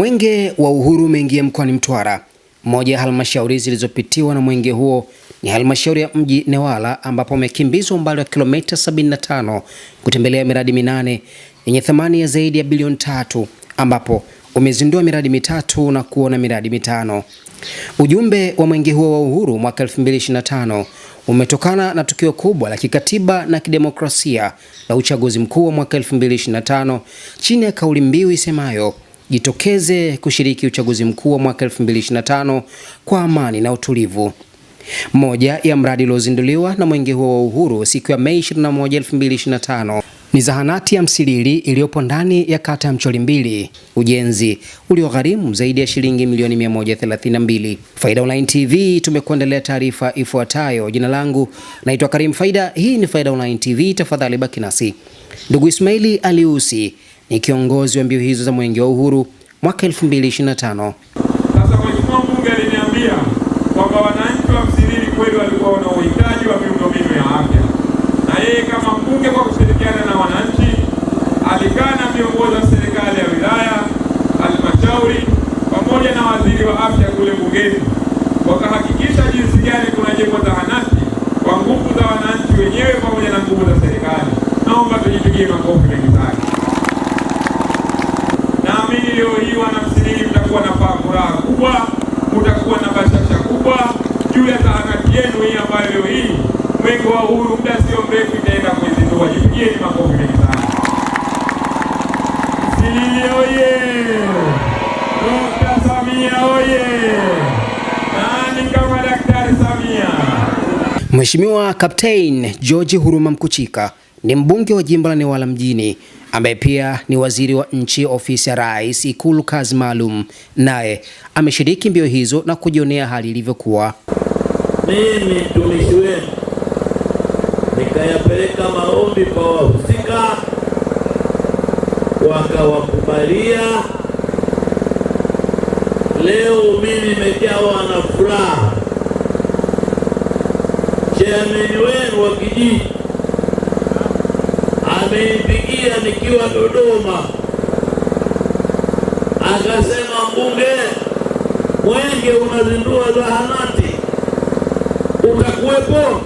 Mwenge wa Uhuru umeingia mkoani Mtwara. Moja ya halmashauri zilizopitiwa na mwenge huo ni halmashauri ya mji Newala, ambapo umekimbizwa umbali wa kilomita 75 kutembelea miradi minane yenye thamani ya zaidi ya bilioni tatu, ambapo umezindua miradi mitatu na kuona miradi mitano. Ujumbe wa mwenge huo wa uhuru mwaka 2025 umetokana na tukio kubwa la kikatiba na kidemokrasia la uchaguzi mkuu wa mwaka 2025 chini ya kauli mbiu isemayo jitokeze kushiriki uchaguzi mkuu wa mwaka 2025 kwa amani na utulivu. Moja ya mradi uliozinduliwa na mwenge huo wa uhuru siku ya Mei 21, 2025 ni zahanati ya Msilili iliyopo ndani ya kata ya mbili ujenzi uliogharimu zaidi ya shilingi milioni 132. Faida Online TV tumekuandalia taarifa ifuatayo. Jina langu naitwa Karim Faida, hii ni Faida Online TV, tafadhali baki nasi. Ndugu Ismaili Aliusi ni kiongozi wa mbio hizo za Mwenge wa Uhuru mwaka 2025. mbunge kwa kushirikiana na wananchi alikaa na viongozi wa serikali ya wilaya, halmashauri pamoja na waziri wa afya kule bungeni, wakahakikisha jinsi gani kunajengwa zahanati kwa nguvu za wananchi wenyewe pamoja na nguvu za serikali. Naomba tujipigie makofi mengi sana. Naamini leo hii wanamsinini, mtakuwa na furaha kubwa, mtakuwa na bashasha kubwa juu ya zahanati yenu hii ambayo leo hii mwenge wa uhuru muda sio mrefu itaenda kuizindua. Jipigieni makofi mengi sana. Msilili oye! Dokta Samia oye! Nani kama Daktari Samia? Mheshimiwa Kaptein George Huruma Mkuchika ni mbunge wa jimbo la Newala mjini ambaye pia ni waziri wa nchi ofisi ya rais Ikulu kazi maalum, naye ameshiriki mbio hizo na kujionea hali ilivyokuwa. Mimi mtumishi wakayapeleka maombi kwa wahusika, wakawakubalia. Leo mimi nimejawa na furaha, chairman wenu wa kijiji ameipigia nikiwa Dodoma, akasema mbunge Mwenge unazindua zahanati, utakuwepo?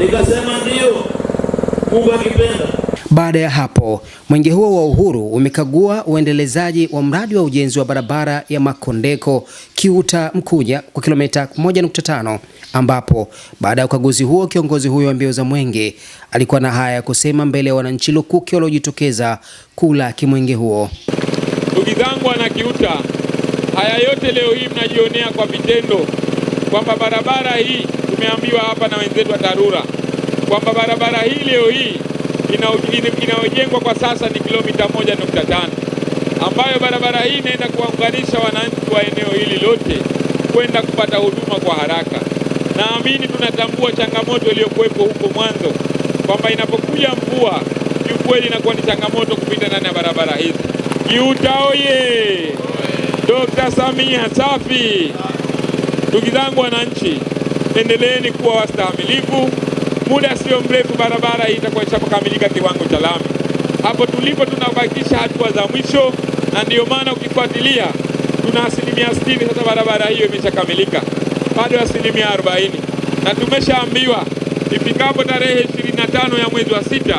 Nikasema ndio Mungu akipenda. Baada ya hapo, mwenge huo wa uhuru umekagua uendelezaji wa mradi wa ujenzi wa barabara ya Makondeko Kiuta Mkuja kwa kilomita 1.5 ambapo baada ya ukaguzi huo kiongozi huyo wa mbio za mwenge alikuwa na haya ya kusema mbele ya wananchi lukuki waliojitokeza kuulaki mwenge huo. Ndugu zangu wana Kiuta, haya yote leo hii mnajionea kwa vitendo kwamba barabara hii tumeambiwa hapa na wenzetu wa TARURA kwamba barabara hii leo hii inayojengwa kwa sasa ni kilomita moja nukta tano ambayo barabara hii inaenda kuwaunganisha wananchi wa eneo hili lote kwenda kupata huduma kwa haraka. Naamini tunatambua changamoto iliyokuwepo huko mwanzo kwamba inapokuja mvua kiukweli inakuwa ni changamoto kupita ndani ya barabara hizi. kiuta oye! Dokta Samia safi! Ndugu zangu wananchi endeleeni kuwa wastahamilivu. Muda sio mrefu, barabara hii itakuwa ishakamilika kiwango cha lami. Hapo tulipo tunabakisha hatua za mwisho, na ndiyo maana ukifuatilia tuna asilimia 60 sasa, barabara hiyo imeshakamilika, bado asilimia arobaini na tumeshaambiwa ifikapo tarehe ishirini na tano ya mwezi wa sita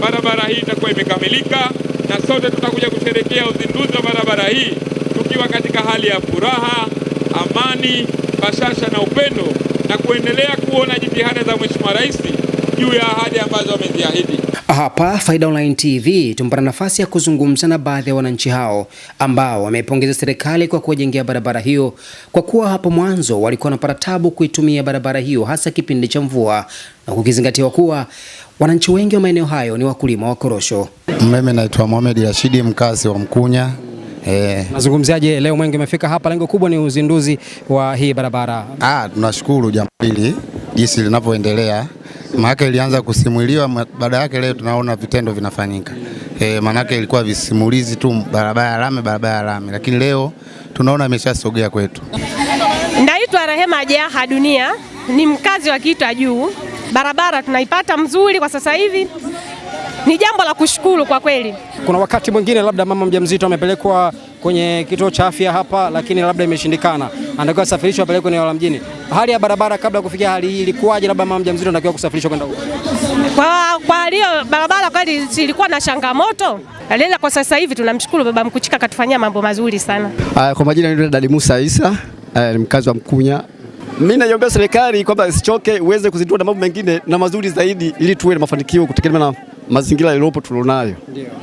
barabara hii itakuwa imekamilika, na sote tutakuja kusherekea uzinduzi wa barabara hii tukiwa katika hali ya furaha, amani, bashasha na upendo na kuendelea kuona jitihada za Mheshimiwa Rais juu ya ahadi ambazo wameziahidi. Hapa Faida Online TV tumepata nafasi ya kuzungumza na baadhi ya wananchi hao ambao wameipongeza serikali kwa kuwajengea barabara hiyo, kwa kuwa hapo mwanzo walikuwa wanapata tabu kuitumia barabara hiyo, hasa kipindi cha mvua, na kukizingatiwa kuwa wananchi wengi wa maeneo hayo ni wakulima wa korosho. Mimi naitwa Mohamed Rashidi, mkazi wa Mkunya. E. Eh. Nazungumziaje leo Mwenge umefika hapa, lengo kubwa ni uzinduzi wa hii barabara. Ah, tunashukuru jambo hili jinsi linavyoendelea, maanake ilianza kusimuliwa, baada yake leo tunaona vitendo vinafanyika. E, maanake ilikuwa visimulizi tu, barabara ya lami, barabara ya lami, lakini leo tunaona imeshasogea kwetu. Ndaitwa Rehema Jaha Dunia, ni mkazi wa Kiitwa Juu. Barabara tunaipata mzuri kwa sasa hivi ni jambo la kushukuru kwa kweli. Kuna wakati mwingine labda mama mjamzito amepelekwa kwenye kituo cha afya hapa, lakini labda imeshindikana, anatakiwa kusafirishwa apelekwe eneo la mjini. Hali ya barabara kabla ya kufikia hali hii ilikuwaje? Labda mama mjamzito anatakiwa kusafirishwa kwenda huko. Kwa kwa hiyo barabara kweli ilikuwa na changamoto lela, kwa sasa hivi tunamshukuru baba Mkuchika katufanyia mambo mazuri sana. Aa, kwa majina ni Dali Musa Isa, ni mkazi wa Mkunya. Mimi naiombea serikali kwamba isichoke, uweze kuzindua na mambo mengine na mazuri zaidi, ili tuwe na mafanikio kutekeleza na mazingira yaliyopo tulionayo,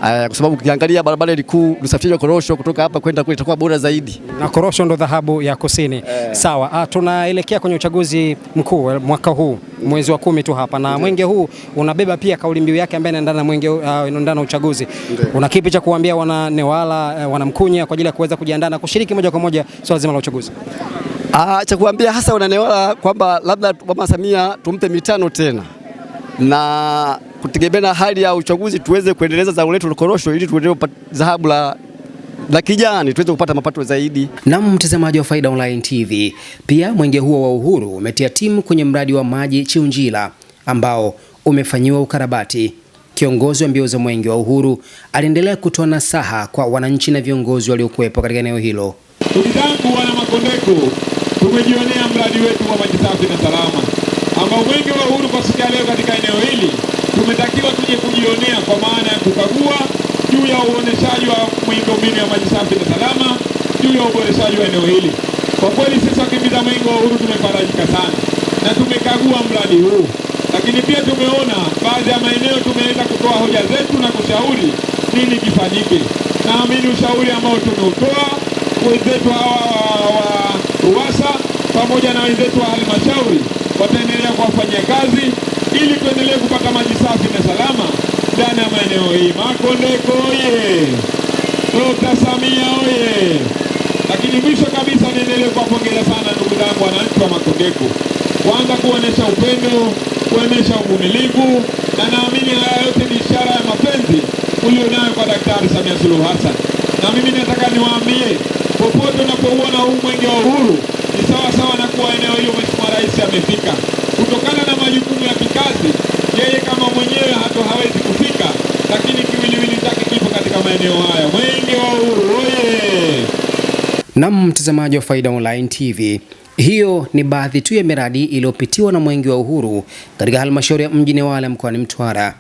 kwa sababu ukiangalia barabara ilikuu usafiri wa korosho kutoka hapa kwenda kule itakuwa bora zaidi, na korosho ndo dhahabu ya kusini e. Sawa, ah, tunaelekea kwenye uchaguzi mkuu eh, mwaka huu mwezi wa kumi tu hapa na Mwenge huu unabeba pia kauli mbiu yake ambayo inaendana na mwenge inaendana ah, na uchaguzi. Una kipi cha kuambia wana Newala, eh, wana Mkunya kwa ajili ya kuweza kujiandaa na kushiriki moja kwa moja swala zima la uchaguzi? Ah, cha kuambia hasa wana Newala kwamba labda Mama Samia tumpe mitano tena na kutegemea na hali ya uchaguzi tuweze kuendeleza zao letu la korosho ili tuendelee kupata dhahabu la la kijani tuweze kupata mapato zaidi. Na mtazamaji wa Faida Online TV, pia mwenge huo wa uhuru umetia timu kwenye mradi wa maji Chiunjila ambao umefanyiwa ukarabati. Kiongozi wa mbio za mwenge wa uhuru aliendelea kutoa nasaha kwa wananchi na viongozi waliokuwepo katika eneo hilo. Ndugu zangu wana Makondeko, tumejionea mradi wetu wa maji safi na salama ambao mwenge wa uhuru kwa siku ya leo katika eneo hili tumetakiwa tuje kujionea kwa maana ya kukagua juu ya uoneshaji wa miundombinu ya maji safi na salama, juu ya uboreshaji wa eneo hili. Kwa kweli sisi wakimbiza mwenge wa uhuru tumefarajika sana na tumekagua mradi huu, lakini pia tumeona baadhi ya maeneo tumeweza kutoa hoja zetu na kushauri nini kifanyike. Naamini ushauri ambao tumeutoa wenzetu hawa wa ruasa pamoja na wenzetu wa halmashauri wataendelea kuwafanyia kazi ili tuendelee kupata maji safi na salama ndani ya maeneo hii. Makondeko oye! Dokta Samia oye! Lakini mwisho kabisa, niendelee kuwapongeza sana ndugu zangu wananchi wa Makondeko, kwanza kuonyesha upendo, kuonyesha uvumilivu, na naamini haya yote ni ishara ya mapenzi ulionayo kwa Daktari Samia Suluhu Hassan. Na mimi nataka niwaambie, popote unapouona huu mwenge wa uhuru ni sawa sawa na kuwa eneo hilo Mheshimiwa Rais amefika. Na mtazamaji wa Faida Online TV, hiyo ni baadhi tu ya miradi iliyopitiwa na Mwenge wa Uhuru katika halmashauri ya mji Newala mkoani Mtwara.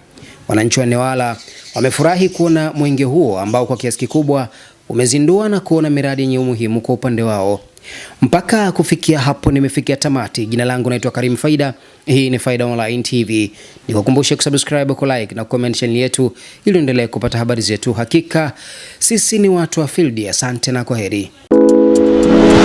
Wananchi wa Newala wamefurahi kuona mwenge huo ambao kwa kiasi kikubwa umezindua na kuona miradi yenye umuhimu kwa upande wao. Mpaka kufikia hapo nimefikia tamati. Jina langu naitwa Karim Faida, hii ni Faida Online TV. Nikukumbushe kusubscribe, ku like na comment channel yetu ili uendelee kupata habari zetu. Hakika sisi ni watu wa field. Asante na kwaheri. Thank you.